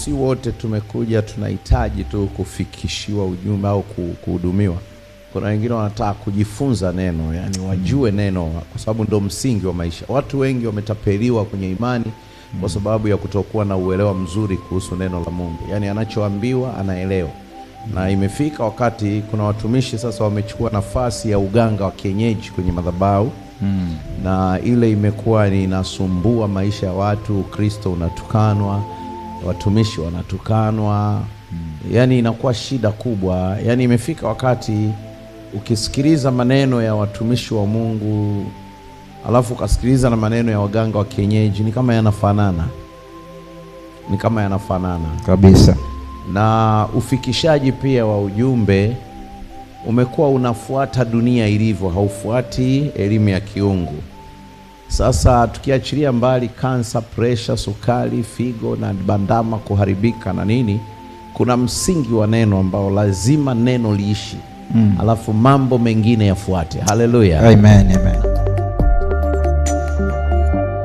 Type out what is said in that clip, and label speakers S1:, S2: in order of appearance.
S1: Si wote tumekuja tunahitaji tu kufikishiwa ujumbe au kuhudumiwa. Kuna wengine wanataka kujifunza neno, yani wajue hmm. neno, kwa sababu ndo msingi wa maisha. Watu wengi wametapeliwa kwenye imani kwa hmm. sababu ya kutokuwa na uelewa mzuri kuhusu neno la Mungu, yani anachoambiwa anaelewa. Hmm. Na imefika wakati kuna watumishi sasa wamechukua nafasi ya uganga wa kienyeji kwenye madhabahu. Hmm. Na ile imekuwa inasumbua maisha ya watu. Ukristo unatukanwa watumishi wanatukanwa mm. Yaani inakuwa shida kubwa, yaani imefika wakati ukisikiliza maneno ya watumishi wa Mungu alafu ukasikiliza na maneno ya waganga wa kienyeji ni kama yanafanana, ni kama yanafanana kabisa, na ufikishaji pia wa ujumbe umekuwa unafuata dunia ilivyo, haufuati elimu ya kiungu. Sasa tukiachilia mbali kansa, presha, sukari, figo na bandama kuharibika na nini, kuna msingi wa neno ambao lazima neno liishi, mm. alafu mambo mengine yafuate. Haleluya,
S2: amen, amen.